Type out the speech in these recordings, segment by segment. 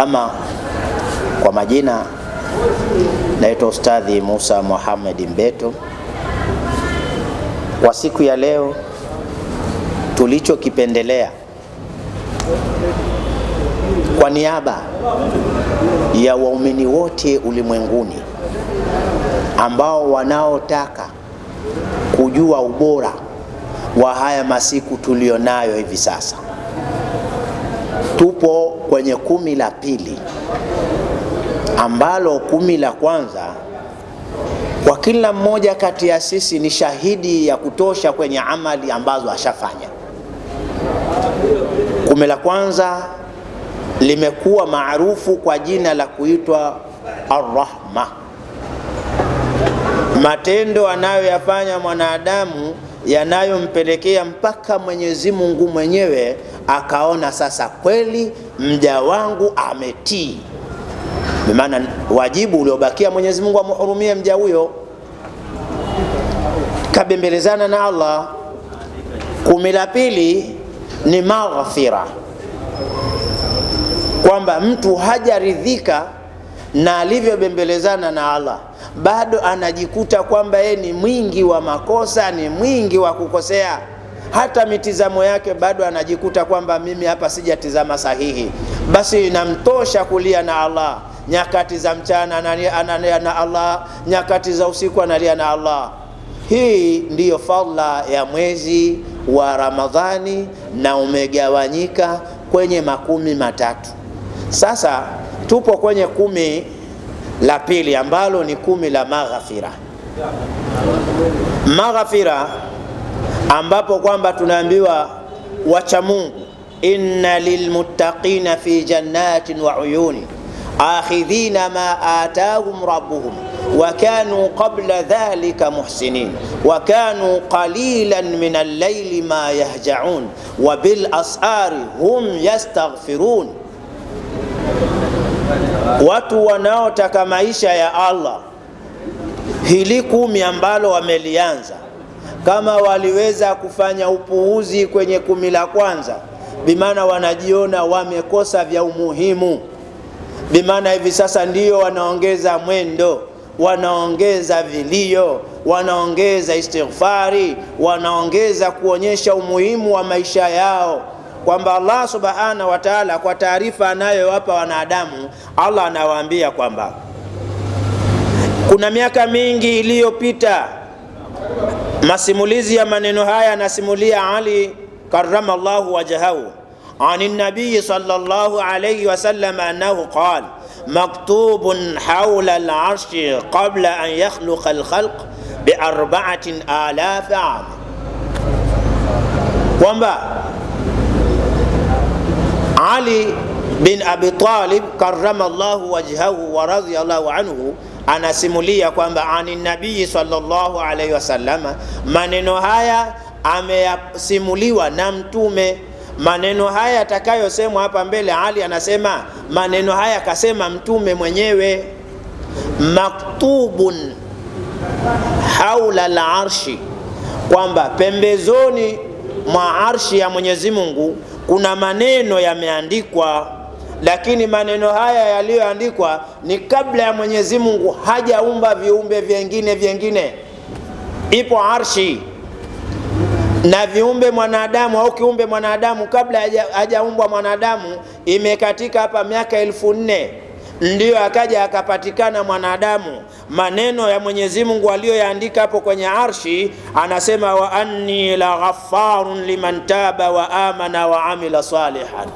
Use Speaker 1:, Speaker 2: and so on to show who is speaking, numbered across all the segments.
Speaker 1: Kama kwa majina, naitwa Ustadhi Musa Muhammad Mbeto. Kwa siku ya leo, tulichokipendelea kwa niaba ya waumini wote ulimwenguni ambao wanaotaka kujua ubora wa haya masiku tuliyonayo hivi sasa tupo kwenye kumi la pili ambalo kumi la kwanza kwa kila mmoja kati ya sisi ni shahidi ya kutosha kwenye amali ambazo ashafanya. Kumi la kwanza limekuwa maarufu kwa jina la kuitwa arrahma, matendo anayoyafanya mwanadamu yanayompelekea mpaka Mwenyezi Mungu mwenyewe akaona sasa kweli mja wangu ametii. Maana wajibu uliobakia Mwenyezi Mungu amhurumie mja huyo, kabembelezana na Allah. Kumi la pili ni maghfira, kwamba mtu hajaridhika na alivyobembelezana na Allah bado anajikuta kwamba yeye ni mwingi wa makosa, ni mwingi wa kukosea hata mitizamo yake bado anajikuta kwamba mimi hapa sijatizama sahihi, basi inamtosha kulia na Allah nyakati za mchana, analia na Allah nyakati za usiku, analia na Allah. Hii ndiyo fadhila ya mwezi wa Ramadhani, na umegawanyika kwenye makumi matatu. Sasa tupo kwenye kumi la pili ambalo ni kumi la maghfira. Maghfira ambapo kwamba tunaambiwa wacha Mungu, inna lilmuttaqina fi jannatin wa uyuni akhidhina ma atahum rabbuhum wa kanu qabla dhalika muhsinin wa kanu qalilan min al-layli ma yahjaun wa bil asari hum yastaghfirun, watu wanaotaka maisha ya Allah. Hili kumi ambalo wamelianza kama waliweza kufanya upuuzi kwenye kumi la kwanza, bimaana wanajiona wamekosa vya umuhimu, bimaana hivi sasa ndio wanaongeza mwendo, wanaongeza vilio, wanaongeza istighfari, wanaongeza kuonyesha umuhimu wa maisha yao kwamba Allah subhanahu wa ta'ala, kwa taarifa anayowapa wanadamu, Allah anawaambia kwamba kuna miaka mingi iliyopita Masimulizi ya maneno haya anasimulia Ali karama llahu wajhahu ani nabiyi sallallahu alayhi wasallam annahu qala maktubun hawla larshi qabla an yakhluqa alkhalq biarbaatin alafi am, kwamba Ali bin Abi Talib karama llahu wajhahu wa radhiya llahu anhu anasimulia kwamba ani nabii sallallahu alaihi wasallama, maneno haya ameyasimuliwa na Mtume. Maneno haya yatakayosemwa hapa mbele, Ali anasema maneno haya akasema Mtume mwenyewe, maktubun haula larshi, kwamba pembezoni mwa arshi ya Mwenyezi Mungu kuna maneno yameandikwa lakini maneno haya yaliyoandikwa ni kabla ya Mwenyezi Mungu hajaumba viumbe vyengine vyengine. Ipo arshi na viumbe mwanadamu au kiumbe mwanadamu kabla hajaumbwa mwanadamu, imekatika hapa miaka elfu nne ndiyo akaja akapatikana mwanadamu. Maneno ya Mwenyezi Mungu aliyoyaandika hapo kwenye arshi, anasema wa anni la ghafarun liman taba wa amana wa amila salihan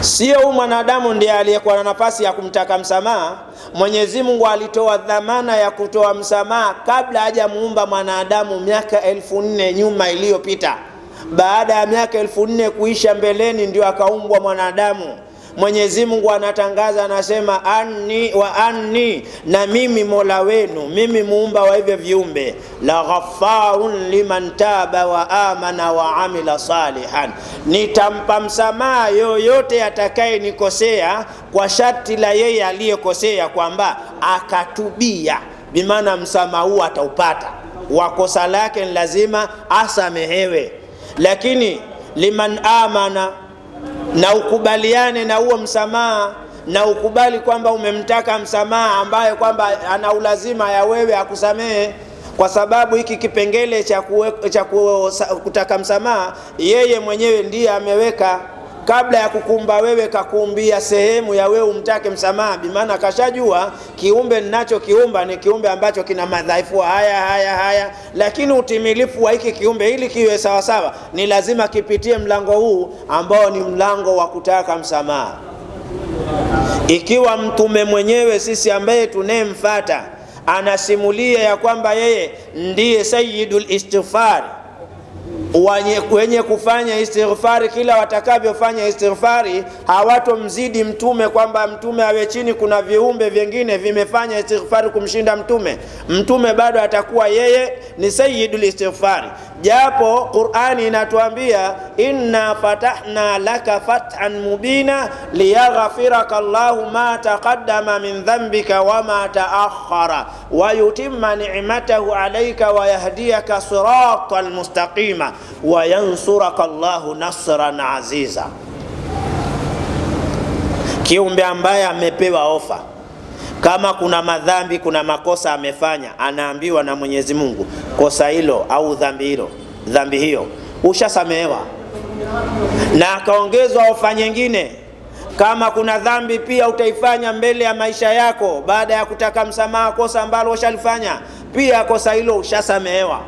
Speaker 1: Sio huyu mwanadamu ndiye aliyekuwa na nafasi ya kumtaka msamaha. Mwenyezi Mungu alitoa dhamana ya kutoa msamaha kabla hajamuumba mwanadamu miaka elfu nne nyuma iliyopita. Baada ya miaka elfu nne kuisha mbeleni, ndio akaumbwa mwanadamu. Mwenyezi Mungu anatangaza anasema, anni wa anni, na mimi mola wenu, mimi muumba wa hivyo viumbe, la ghafarun liman taba wa amana wa amila salihan, nitampa msamaha yoyote atakayenikosea, kwa sharti la yeye aliyekosea kwamba akatubia, bimaana msamaha huo ataupata, wakosa lake ni lazima asamehewe, lakini liman amana na ukubaliane na huo msamaha na ukubali kwamba umemtaka msamaha ambaye kwamba ana ulazima ya wewe akusamehe, kwa sababu hiki kipengele cha kutaka msamaha yeye mwenyewe ndiye ameweka kabla ya kukumba wewe kakuumbia sehemu ya wewe umtake msamaha, bimaana kashajua kiumbe ninachokiumba ni kiumbe ambacho kina madhaifu haya haya haya, lakini utimilifu wa hiki kiumbe ili kiwe sawasawa ni lazima kipitie mlango huu ambao ni mlango wa kutaka msamaha. Ikiwa mtume mwenyewe sisi ambaye tunayemfata anasimulia ya kwamba yeye ndiye sayyidul istighfari wenye kufanya istighfari kila watakavyofanya istighfari hawatomzidi mtume, kwamba mtume awe chini. Kuna viumbe vingine vimefanya istighfari kumshinda mtume. Mtume bado atakuwa yeye ni sayyidul istighfari japo Qur'ani inatuambia inna fatahna laka fathan mubina liyaghfiraka Allahu ma taqaddama min dhanbika wa ma ta'akhkhara wa yutimma ni'matahu alayka wa yahdiyaka siratal mustaqima wa yansuraka Allahu nasran aziza. Kiumbe ambaye amepewa ofa kama kuna madhambi, kuna makosa amefanya, anaambiwa na Mwenyezi Mungu kosa hilo au dhambi hilo, dhambi hiyo ushasamehewa na akaongezwa ofa nyingine. Kama kuna dhambi pia utaifanya mbele ya maisha yako, baada ya kutaka msamaha kosa ambalo ushalifanya, pia kosa hilo ushasamehewa.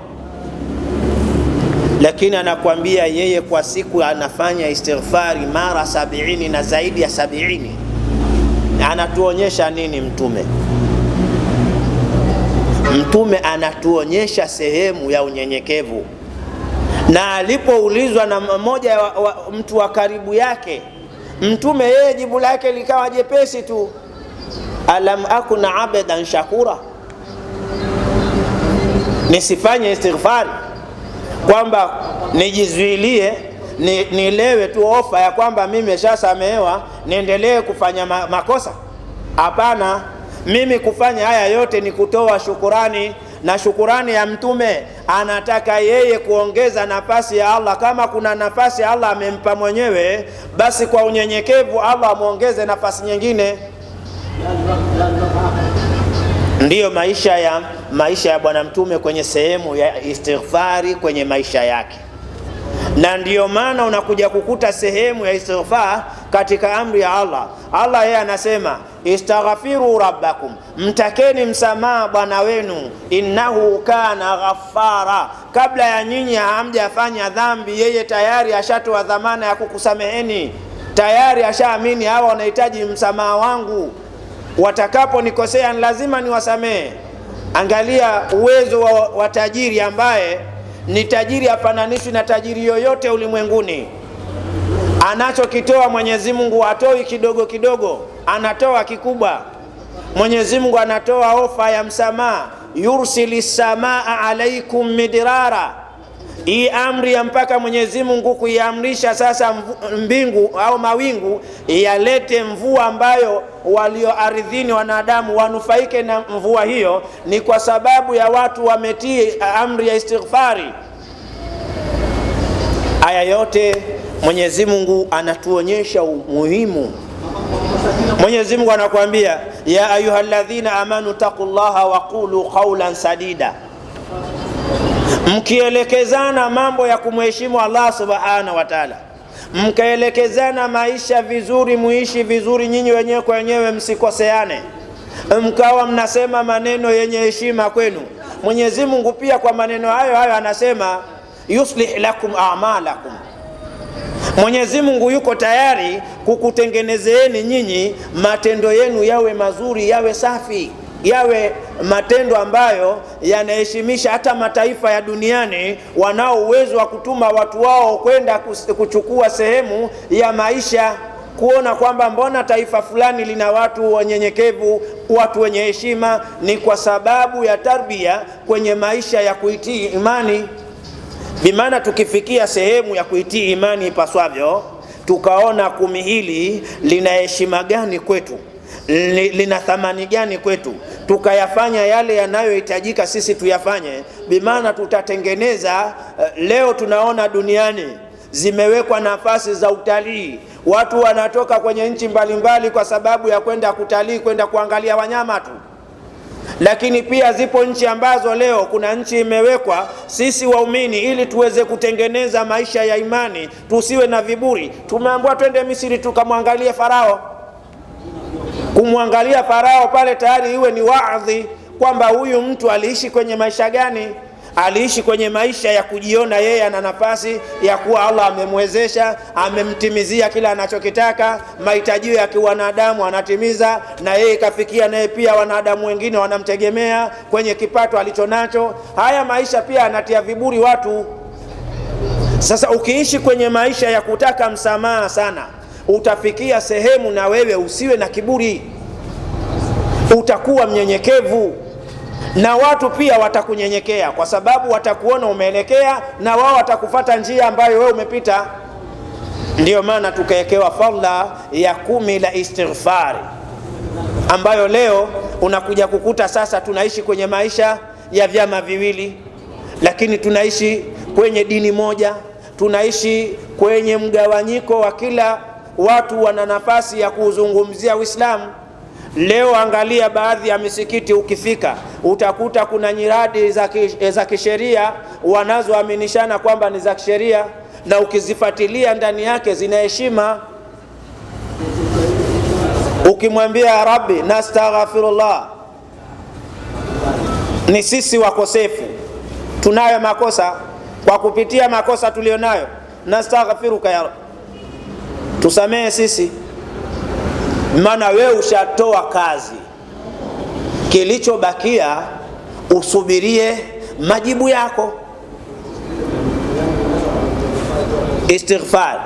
Speaker 1: Lakini anakuambia yeye kwa siku anafanya istighfari mara sabiini na zaidi ya sabiini anatuonyesha nini mtume? Mtume anatuonyesha sehemu ya unyenyekevu, na alipoulizwa na mmoja wa, wa, mtu wa karibu yake mtume, yeye jibu lake likawa jepesi tu, alam akun abadan shakura, nisifanye istighfari, kwamba nijizuilie nilewe tu ofa ya kwamba mimi meshasamehewa niendelee kufanya makosa? Hapana, mimi kufanya haya yote ni kutoa shukurani, na shukurani ya mtume anataka yeye kuongeza nafasi ya Allah. Kama kuna nafasi Allah amempa mwenyewe, basi kwa unyenyekevu Allah amwongeze nafasi nyingine. Ndiyo maisha ya maisha ya bwana mtume kwenye sehemu ya istighfari kwenye maisha yake na ndiyo maana unakuja kukuta sehemu ya istighfar katika amri ya Allah. Allah yeye anasema istaghfiru rabbakum, mtakeni msamaha bwana wenu, innahu kana ghaffara. Kabla ya nyinyi hamjafanya dhambi, yeye tayari ashatoa dhamana ya kukusameheni, tayari ashaamini hawa wanahitaji msamaha wangu, watakaponikosea lazima niwasamehe. Angalia uwezo wa, wa tajiri ambaye ni tajiri, afananishwi na tajiri yoyote ulimwenguni. Anachokitoa Mwenyezi Mungu atoi kidogo kidogo, anatoa kikubwa. Mwenyezi Mungu anatoa ofa ya msamaha, yursili samaa alaikum midrara hii amri ya mpaka Mwenyezi Mungu kuiamrisha sasa mbingu au mawingu yalete mvua ambayo walio ardhini wanadamu wanufaike na mvua hiyo, ni kwa sababu ya watu wametii amri ya istighfari. Haya yote Mwenyezi Mungu anatuonyesha umuhimu. Mwenyezi Mungu anakuambia, ya ayuha alladhina amanu taqullaha wa qulu qawlan sadida mkielekezana mambo ya kumheshimu Allah subhanahu wa taala, mkaelekezana maisha vizuri, muishi vizuri nyinyi wenyewe kwa wenyewe, msikoseane, mkawa mnasema maneno yenye heshima kwenu. Mwenyezi Mungu pia kwa maneno hayo hayo anasema yuslih lakum a'malakum Mwenyezi Mungu yuko tayari kukutengenezeeni nyinyi matendo yenu yawe mazuri, yawe safi yawe matendo ambayo yanaheshimisha hata mataifa ya duniani, wanao uwezo wa kutuma watu wao kwenda kuchukua sehemu ya maisha kuona kwamba mbona taifa fulani lina watu wanyenyekevu, watu wenye heshima. Ni kwa sababu ya tarbia kwenye maisha ya kuitii imani. Bimaana tukifikia sehemu ya kuitii imani ipaswavyo, tukaona kumi hili lina heshima gani kwetu lina thamani gani kwetu, tukayafanya yale yanayohitajika sisi tuyafanye. Bimaana tutatengeneza eh, leo, tunaona duniani zimewekwa nafasi za utalii, watu wanatoka kwenye nchi mbalimbali kwa sababu ya kwenda kutalii, kwenda kuangalia wanyama tu. Lakini pia zipo nchi ambazo leo kuna nchi imewekwa, sisi waumini, ili tuweze kutengeneza maisha ya imani, tusiwe na viburi. Tumeambiwa twende Misri tukamwangalie Farao kumwangalia Farao pale tayari iwe ni waadhi kwamba huyu mtu aliishi kwenye maisha gani? Aliishi kwenye maisha ya kujiona yeye ana nafasi ya kuwa Allah amemwezesha, amemtimizia kila anachokitaka, mahitaji ya kiwanadamu anatimiza, na yeye kafikia, naye pia wanadamu wengine wanamtegemea kwenye kipato alichonacho. Haya maisha pia anatia viburi watu. Sasa ukiishi kwenye maisha ya kutaka msamaha sana utafikia sehemu na wewe usiwe na kiburi, utakuwa mnyenyekevu na watu pia watakunyenyekea, kwa sababu watakuona umeelekea, na wao watakufata njia ambayo wewe umepita. Ndiyo maana tukawekewa fadhila ya kumi la istighfari, ambayo leo unakuja kukuta sasa tunaishi kwenye maisha ya vyama viwili, lakini tunaishi kwenye dini moja, tunaishi kwenye mgawanyiko wa kila watu wana nafasi ya kuuzungumzia Uislamu. Leo angalia baadhi ya misikiti ukifika, utakuta kuna nyiradi eh, za kisheria wanazoaminishana kwamba ni za kisheria, na ukizifuatilia ndani yake zina heshima. Ukimwambia rabbi nastaghfirullah, ni sisi wakosefu, tunayo makosa. Kwa kupitia makosa tuliyonayo, nastaghfiruka ya rabbi tusamehe sisi, maana wewe ushatoa kazi, kilichobakia usubirie majibu yako. Istighfar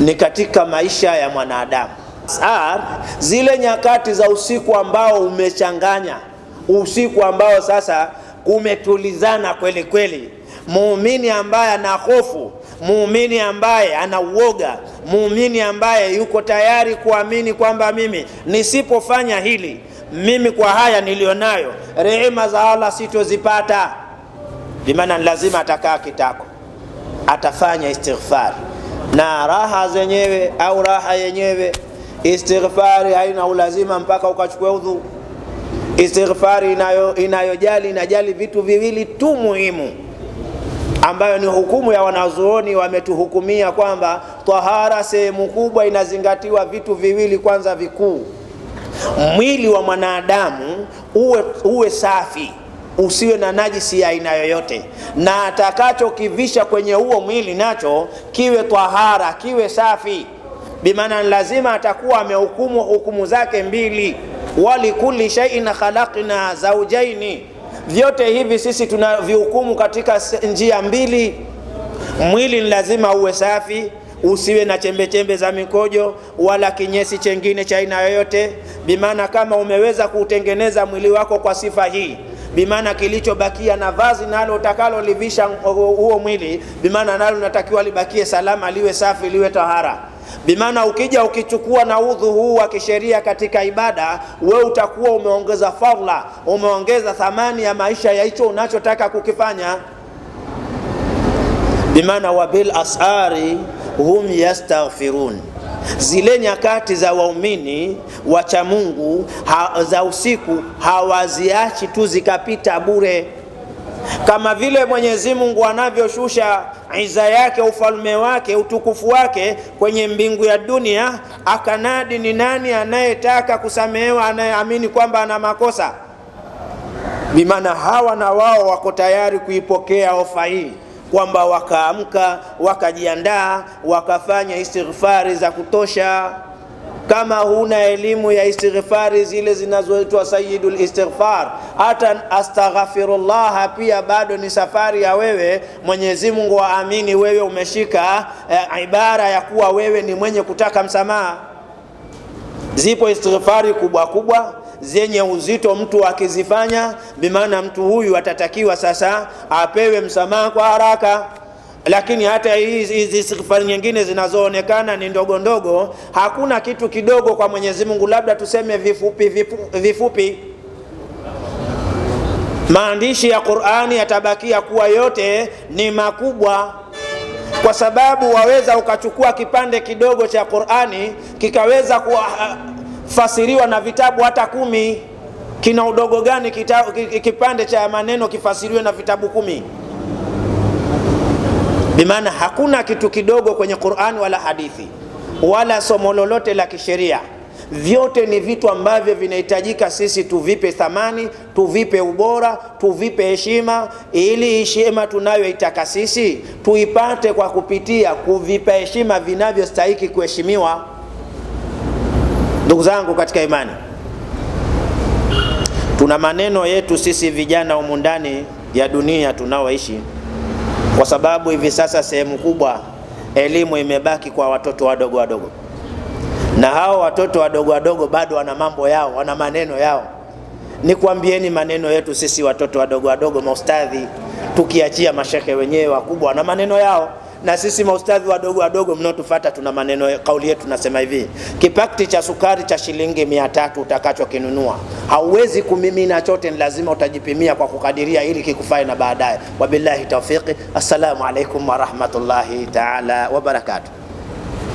Speaker 1: ni katika maisha ya mwanadamu. Sar, zile nyakati za usiku ambao umechanganya, usiku ambao sasa kumetulizana kweli kweli, muumini ambaye ana hofu muumini ambaye ana uoga, muumini ambaye yuko tayari kuamini kwamba mimi nisipofanya hili, mimi kwa haya nilionayo, rehema za Allah sitozipata. Bimaana lazima atakaa kitako, atafanya istighfari na raha zenyewe au raha yenyewe. Istighfari haina ulazima mpaka ukachukua udhu. Istighfari inayojali inayo inajali vitu viwili tu muhimu ambayo ni hukumu ya wanazuoni. Wametuhukumia kwamba tahara sehemu kubwa inazingatiwa vitu viwili, kwanza vikuu, mwili wa mwanadamu uwe, uwe safi usiwe na najisi ya aina yoyote, na atakachokivisha kwenye huo mwili nacho kiwe tahara, kiwe safi. Bimaana lazima atakuwa amehukumu hukumu zake mbili, walikuli shay'in khalaqna zaujaini Vyote hivi sisi tunavihukumu katika njia mbili. Mwili ni lazima uwe safi, usiwe na chembechembe za mikojo wala kinyesi chengine cha aina yoyote. Bimaana kama umeweza kuutengeneza mwili wako kwa sifa hii, bimaana kilichobakia na vazi nalo utakalolivisha huo mwili, bimaana nalo natakiwa libakie salama, liwe safi, liwe tahara Bimaana ukija ukichukua na udhu huu wa kisheria katika ibada, we utakuwa umeongeza fadhila, umeongeza thamani ya maisha ya hicho unachotaka kukifanya. Bimaana wabil asari hum yastaghfirun, zile nyakati za waumini wacha Mungu ha, za usiku hawaziachi tu zikapita bure kama vile Mwenyezi Mungu anavyoshusha iza yake ufalme wake utukufu wake kwenye mbingu ya dunia, akanadi ni nani anayetaka kusamehewa, anayeamini kwamba ana makosa? Bimaana hawa na wao wako tayari kuipokea ofa hii kwamba wakaamka, wakajiandaa, wakafanya istighfari za kutosha kama huna elimu ya istighfari zile zinazoitwa sayyidul istighfar, hata astaghfirullaha pia bado ni safari ya wewe Mwenyezi Mungu waamini wewe umeshika e, ibara ya kuwa wewe ni mwenye kutaka msamaha. Zipo istighfari kubwa kubwa zenye uzito, mtu akizifanya, bimaana mtu huyu atatakiwa sasa apewe msamaha kwa haraka lakini hata hizi istighfari nyingine zinazoonekana ni ndogo ndogo, hakuna kitu kidogo kwa Mwenyezi Mungu, labda tuseme vifupi vifupi, vifupi. Maandishi ya Qur'ani yatabakia kuwa yote ni makubwa, kwa sababu waweza ukachukua kipande kidogo cha Qur'ani kikaweza kufasiriwa na vitabu hata kumi. Kina udogo gani kita, kipande cha maneno kifasiriwe na vitabu kumi? bimaana hakuna kitu kidogo kwenye Qur'an wala hadithi wala somo lolote la kisheria. Vyote ni vitu ambavyo vinahitajika sisi tuvipe thamani, tuvipe ubora, tuvipe heshima, ili heshima tunayoitaka sisi tuipate kwa kupitia kuvipa heshima vinavyostahiki kuheshimiwa. Ndugu zangu katika imani, tuna maneno yetu sisi vijana humu ndani ya dunia tunaoishi kwa sababu hivi sasa sehemu kubwa elimu imebaki kwa watoto wadogo wadogo, na hao watoto wadogo wadogo bado wana mambo yao, wana maneno yao. Nikwambieni maneno yetu sisi watoto wadogo wadogo, maustadhi tukiachia mashehe wenyewe wakubwa wana maneno yao na sisi maustadhi wadogo wadogo mnaotufuata, tuna maneno kauli yetu nasema hivi, kipakti cha sukari cha shilingi mia tatu utakachokinunua hauwezi kumimina chote, ni lazima utajipimia kwa kukadiria ili kikufae na baadaye. Wabillahi tawfiki. Assalamu alaikum warahmatullahi taala wabarakatuh.